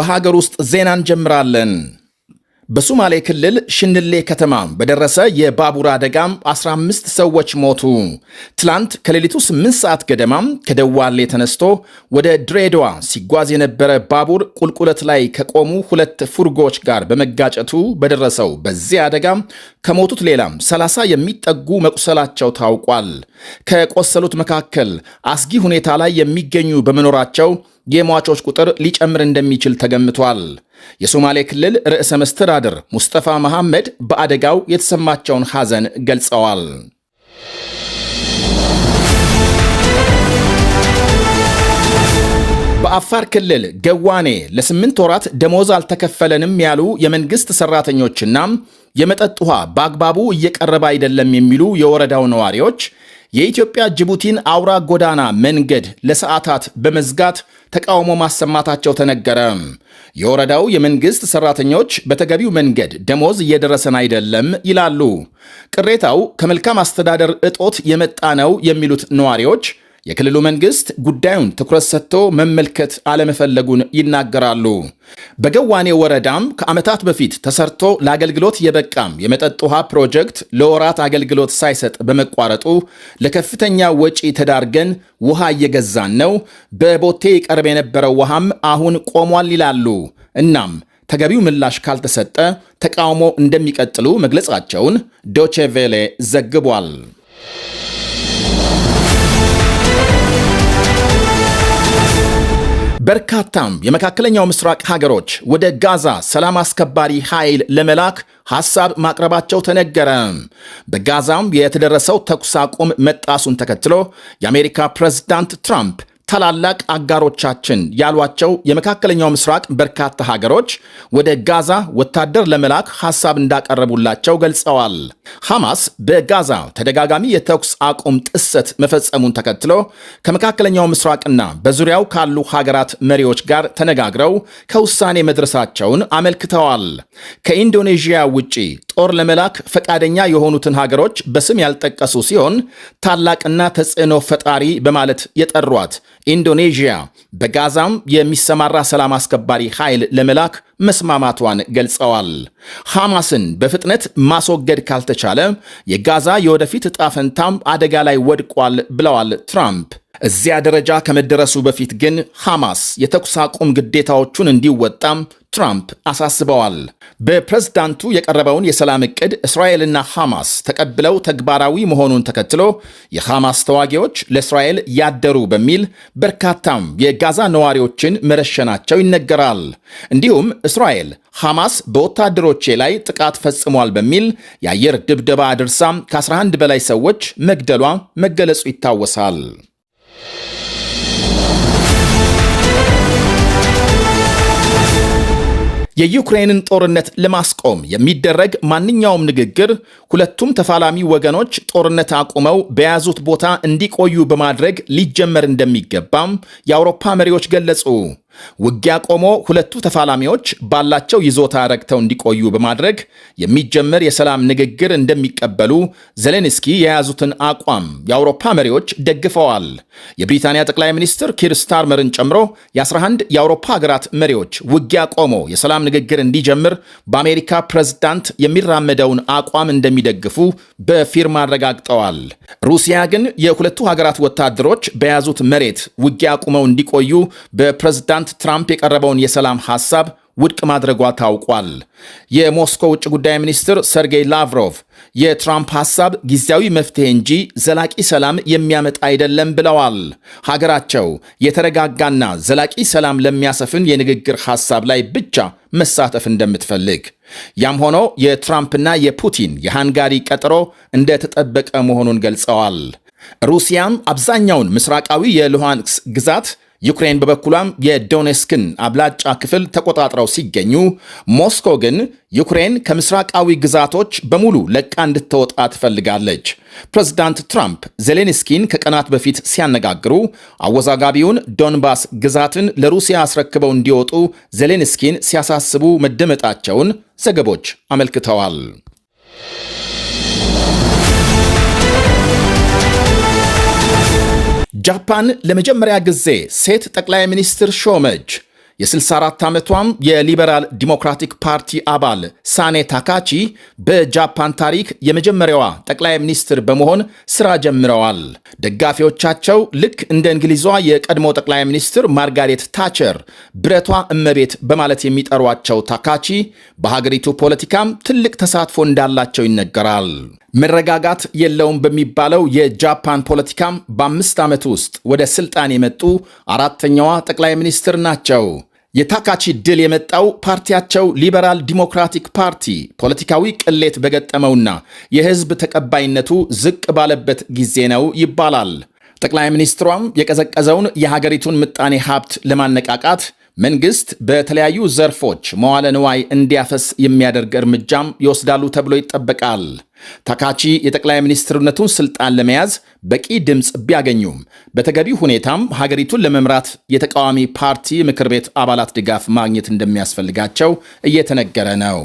በሀገር ውስጥ ዜና እንጀምራለን። በሶማሌ ክልል ሽንሌ ከተማ በደረሰ የባቡር አደጋም 15 ሰዎች ሞቱ። ትላንት ከሌሊቱ 8 ሰዓት ገደማም ከደዋሌ ተነስቶ ወደ ድሬዳዋ ሲጓዝ የነበረ ባቡር ቁልቁለት ላይ ከቆሙ ሁለት ፉርጎች ጋር በመጋጨቱ በደረሰው በዚህ አደጋ ከሞቱት ሌላም 30 የሚጠጉ መቁሰላቸው ታውቋል። ከቆሰሉት መካከል አስጊ ሁኔታ ላይ የሚገኙ በመኖራቸው የሟቾች ቁጥር ሊጨምር እንደሚችል ተገምቷል። የሶማሌ ክልል ርዕሰ መስተዳድር ሙስጠፋ መሐመድ በአደጋው የተሰማቸውን ሐዘን ገልጸዋል። በአፋር ክልል ገዋኔ ለስምንት ወራት ደሞዝ አልተከፈለንም ያሉ የመንግሥት ሠራተኞችና የመጠጥ ውሃ በአግባቡ እየቀረበ አይደለም የሚሉ የወረዳው ነዋሪዎች የኢትዮጵያ ጅቡቲን አውራ ጎዳና መንገድ ለሰዓታት በመዝጋት ተቃውሞ ማሰማታቸው ተነገረ። የወረዳው የመንግሥት ሠራተኞች በተገቢው መንገድ ደሞዝ እየደረሰን አይደለም ይላሉ። ቅሬታው ከመልካም አስተዳደር እጦት የመጣ ነው የሚሉት ነዋሪዎች የክልሉ መንግስት ጉዳዩን ትኩረት ሰጥቶ መመልከት አለመፈለጉን ይናገራሉ። በገዋኔ ወረዳም ከዓመታት በፊት ተሰርቶ ለአገልግሎት የበቃም የመጠጥ ውሃ ፕሮጀክት ለወራት አገልግሎት ሳይሰጥ በመቋረጡ ለከፍተኛ ወጪ ተዳርገን ውሃ እየገዛን ነው፣ በቦቴ ይቀርብ የነበረው ውሃም አሁን ቆሟል ይላሉ። እናም ተገቢው ምላሽ ካልተሰጠ ተቃውሞ እንደሚቀጥሉ መግለጻቸውን ዶቼቬሌ ዘግቧል። በርካታም የመካከለኛው ምስራቅ ሀገሮች ወደ ጋዛ ሰላም አስከባሪ ኃይል ለመላክ ሐሳብ ማቅረባቸው ተነገረ። በጋዛም የተደረሰው ተኩስ አቁም መጣሱን ተከትሎ የአሜሪካ ፕሬዝዳንት ትራምፕ ታላላቅ አጋሮቻችን ያሏቸው የመካከለኛው ምስራቅ በርካታ ሀገሮች ወደ ጋዛ ወታደር ለመላክ ሐሳብ እንዳቀረቡላቸው ገልጸዋል። ሐማስ በጋዛ ተደጋጋሚ የተኩስ አቁም ጥሰት መፈጸሙን ተከትሎ ከመካከለኛው ምስራቅና በዙሪያው ካሉ ሀገራት መሪዎች ጋር ተነጋግረው ከውሳኔ መድረሳቸውን አመልክተዋል። ከኢንዶኔዥያ ውጪ ጦር ለመላክ ፈቃደኛ የሆኑትን ሀገሮች በስም ያልጠቀሱ ሲሆን ታላቅና ተጽዕኖ ፈጣሪ በማለት የጠሯት ኢንዶኔዥያ በጋዛም የሚሰማራ ሰላም አስከባሪ ኃይል ለመላክ መስማማቷን ገልጸዋል። ሐማስን በፍጥነት ማስወገድ ካልተቻለ የጋዛ የወደፊት ጣፈንታም ፈንታም አደጋ ላይ ወድቋል ብለዋል ትራምፕ። እዚያ ደረጃ ከመደረሱ በፊት ግን ሐማስ የተኩስ አቁም ግዴታዎቹን እንዲወጣም ትራምፕ አሳስበዋል። በፕሬዝዳንቱ የቀረበውን የሰላም ዕቅድ እስራኤልና ሐማስ ተቀብለው ተግባራዊ መሆኑን ተከትሎ የሐማስ ተዋጊዎች ለእስራኤል ያደሩ በሚል በርካታም የጋዛ ነዋሪዎችን መረሸናቸው ይነገራል። እንዲሁም እስራኤል ሐማስ በወታደሮቼ ላይ ጥቃት ፈጽሟል በሚል የአየር ድብደባ አድርሳም ከ11 በላይ ሰዎች መግደሏ መገለጹ ይታወሳል። የዩክሬንን ጦርነት ለማስቆም የሚደረግ ማንኛውም ንግግር ሁለቱም ተፋላሚ ወገኖች ጦርነት አቁመው በያዙት ቦታ እንዲቆዩ በማድረግ ሊጀመር እንደሚገባም የአውሮፓ መሪዎች ገለጹ። ውጊያ ቆሞ ሁለቱ ተፋላሚዎች ባላቸው ይዞታ ረግተው እንዲቆዩ በማድረግ የሚጀምር የሰላም ንግግር እንደሚቀበሉ ዜሌንስኪ የያዙትን አቋም የአውሮፓ መሪዎች ደግፈዋል። የብሪታንያ ጠቅላይ ሚኒስትር ኪር ስታርመርን ጨምሮ የ11 የአውሮፓ ሀገራት መሪዎች ውጊያ ቆሞ የሰላም ንግግር እንዲጀምር በአሜሪካ ፕሬዝዳንት የሚራመደውን አቋም እንደሚደግፉ በፊርማ አረጋግጠዋል። ሩሲያ ግን የሁለቱ ሀገራት ወታደሮች በያዙት መሬት ውጊያ ቁመው እንዲቆዩ በፕሬዝዳንት ትናንት ትራምፕ የቀረበውን የሰላም ሐሳብ ውድቅ ማድረጓ ታውቋል። የሞስኮ ውጭ ጉዳይ ሚኒስትር ሰርጌይ ላቭሮቭ የትራምፕ ሐሳብ ጊዜያዊ መፍትሄ እንጂ ዘላቂ ሰላም የሚያመጣ አይደለም ብለዋል። ሀገራቸው የተረጋጋና ዘላቂ ሰላም ለሚያሰፍን የንግግር ሐሳብ ላይ ብቻ መሳተፍ እንደምትፈልግ ያም ሆኖ የትራምፕና የፑቲን የሃንጋሪ ቀጠሮ እንደተጠበቀ መሆኑን ገልጸዋል። ሩሲያም አብዛኛውን ምስራቃዊ የሉሃንስክ ግዛት ዩክሬን በበኩሏም የዶኔስክን አብላጫ ክፍል ተቆጣጥረው ሲገኙ ሞስኮ ግን ዩክሬን ከምስራቃዊ ግዛቶች በሙሉ ለቃ እንድትወጣ ትፈልጋለች። ፕሬዝዳንት ትራምፕ ዜሌንስኪን ከቀናት በፊት ሲያነጋግሩ አወዛጋቢውን ዶንባስ ግዛትን ለሩሲያ አስረክበው እንዲወጡ ዜሌንስኪን ሲያሳስቡ መደመጣቸውን ዘገቦች አመልክተዋል። ጃፓን ለመጀመሪያ ጊዜ ሴት ጠቅላይ ሚኒስትር ሾመች። የ64 ዓመቷም የሊበራል ዲሞክራቲክ ፓርቲ አባል ሳኔ ታካቺ በጃፓን ታሪክ የመጀመሪያዋ ጠቅላይ ሚኒስትር በመሆን ስራ ጀምረዋል። ደጋፊዎቻቸው ልክ እንደ እንግሊዟ የቀድሞ ጠቅላይ ሚኒስትር ማርጋሬት ታቸር ብረቷ እመቤት በማለት የሚጠሯቸው ታካቺ በሀገሪቱ ፖለቲካም ትልቅ ተሳትፎ እንዳላቸው ይነገራል። መረጋጋት የለውም በሚባለው የጃፓን ፖለቲካም በአምስት ዓመት ውስጥ ወደ ስልጣን የመጡ አራተኛዋ ጠቅላይ ሚኒስትር ናቸው። የታካቺ ድል የመጣው ፓርቲያቸው ሊበራል ዲሞክራቲክ ፓርቲ ፖለቲካዊ ቅሌት በገጠመውና የሕዝብ ተቀባይነቱ ዝቅ ባለበት ጊዜ ነው ይባላል። ጠቅላይ ሚኒስትሯም የቀዘቀዘውን የሀገሪቱን ምጣኔ ሀብት ለማነቃቃት መንግስት በተለያዩ ዘርፎች መዋለ ንዋይ እንዲያፈስ የሚያደርግ እርምጃም ይወስዳሉ ተብሎ ይጠበቃል። ታካቺ የጠቅላይ ሚኒስትርነቱን ስልጣን ለመያዝ በቂ ድምፅ ቢያገኙም በተገቢው ሁኔታም ሀገሪቱን ለመምራት የተቃዋሚ ፓርቲ ምክር ቤት አባላት ድጋፍ ማግኘት እንደሚያስፈልጋቸው እየተነገረ ነው።